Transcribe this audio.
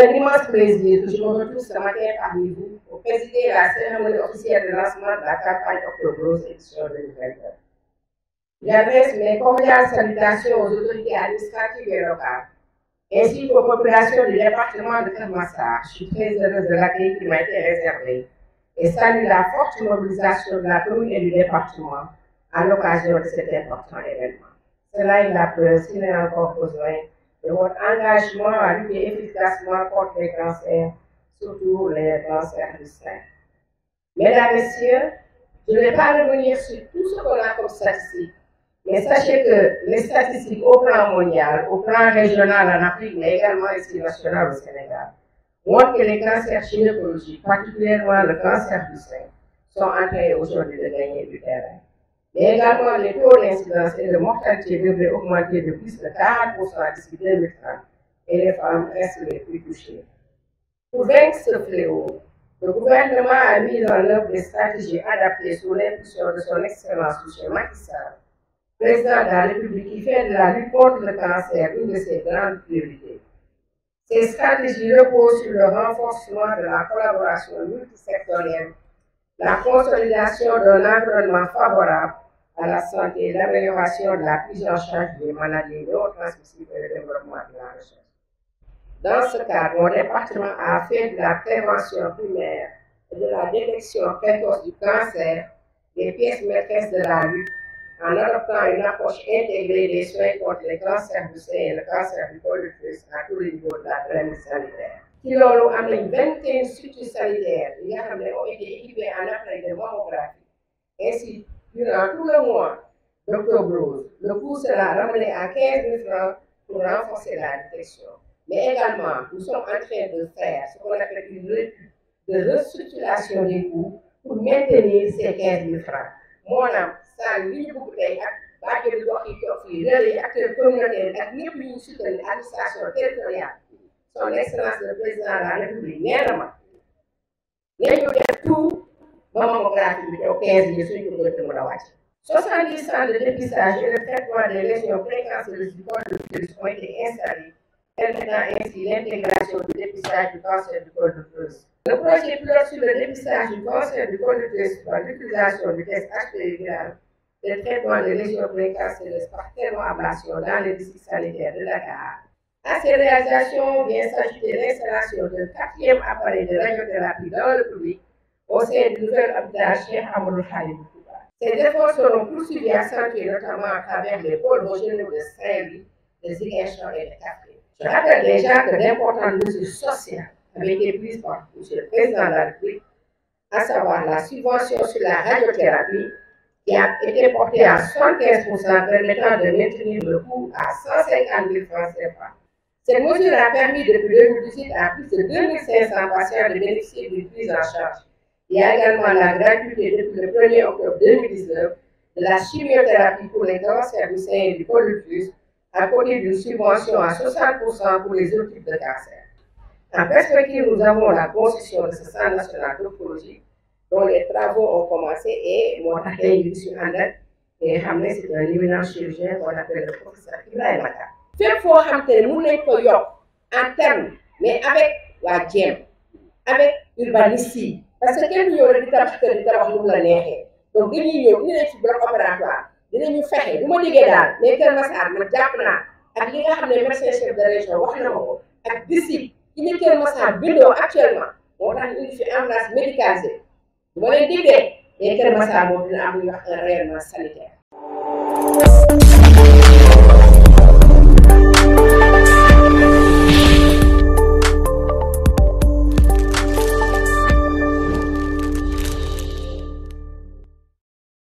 C'est euh, un immense plaisir de je me retrouve ce matin parmi vous pour présider la cérémonie officielle de lancement de la campagne Octobre édition 2021. J'adresse mes cordiales salutations aux autorités administratives et locales, ainsi qu'aux populations du département de Kermassar. Je suis très heureuse de l'accueil qui m'a été réservé et salue la forte mobilisation de la commune et du département à l'occasion de cet important événement. Cela est la preuve s'il est encore besoin et votre engagement à lutter efficacement contre les cancers, surtout les cancers du sein. Mesdames, Messieurs, je ne vais pas revenir sur tout ce qu'on a comme statistiques, mais sachez que les statistiques au plan mondial, au plan régional en Afrique, mais également ici national au Sénégal, montrent que les cancers gynécologiques, particulièrement le cancer du sein, sont en train aujourd'hui de gagner du terrain mais également les taux d'incidence et de mortalité devraient augmenter de plus de 40% d'ici 2030 et les femmes restent les plus touchées. Pour vaincre ce fléau, le gouvernement a mis en œuvre des stratégies adaptées sous l'impulsion de son excellence M. Macky président de la République qui fait de la lutte contre le cancer une de ses grandes priorités. Ces stratégies reposent sur le renforcement de la collaboration multisectorielle, la consolidation d'un environnement favorable à la santé et l'amélioration de la prise en charge des maladies neurotransmissibles et le développement de la recherche. Dans ce cadre, mon département a fait de la prévention primaire et de la détection précoce du cancer des pièces maîtresses de la lutte en adoptant une approche intégrée des soins contre les cancers du sein et le cancer du col du fils à tous les niveaux de la pyramide sanitaire. ci loolu am 21 structures sanitaires qui ont été équipées en appareil de mammographie ainsi durant tout le mois d'octobre Le coût sera ramené à 15 000 francs pour renforcer la détection. Mais également, nous sommes en train de faire ce qu'on appelle une de restructuration des coûts pour maintenir ces 15 000 francs. Mon âme, ça, yu ñu bëgg tey ak bàjjenu gox yi acteurs communautaires yi administration territoriale son excellence le président de la république nee na ma nañu def tout ba mon bi teew 15 mille suñ le gëstu de la wàcc. 70 centres de dépistage et de traitement des lésions précancéreuses du col de l'utérus ont été installés, permettant ainsi l'intégration du dépistage du cancer du col de l'utérus. Le projet pilote sur le dépistage du cancer du col de l'utérus par l'utilisation du test HPV et de traitement des lésions précancéreuses par ablation dans les districts sanitaires de Dakar. À ces réalisations vient s'ajouter l'installation d'un quatrième appareil de radiothérapie dans le public au sein du nouvel habitat Cheikh Amadou Ces efforts seront poursuivis et accentués notamment à travers les pôles régionaux de Saint-Louis, de et de Capri. Je rappelle déjà que d'importantes mesures sociales avaient été prises par M. le Président de la République, à savoir la subvention sur la radiothérapie qui a été portée à 75% permettant de maintenir le coût à 150 000 francs CFA. Cette mesure a permis depuis 2018 à plus de 2500 patients de bénéficier d'une prise en charge il y a également la gratuité depuis le 1er octobre 2019 de la chimiothérapie pour les cancers du sein et du polypus, à côté d'une subvention à 60% pour les autres types de cancers. En perspective, nous avons la concession de ce centre national d'oncologie dont les travaux ont commencé et mon accueil sur Andal et Hamlet, c'est un éminent chirurgien qu'on appelle le professeur Ibrahim Mata. Il faut xam nous ne mun en termes, mais avec la GEM, avec l'urbanisme, parce que kenn ñëw rek di tabax kër di tabax lu mu la neexee donc dañuy ñëw dinañ ci bloc opératoire dinañu bu ma liggéey ak li nga xam ne médecin chef de région wax na ma ko ak disib ci ni Kër Massar bindoo actuellement moo tax ñu indi fi ambulance médicalisée bu ma leen déggee mais Kër Massar moom dina am lu wax un rayonnement sanitaire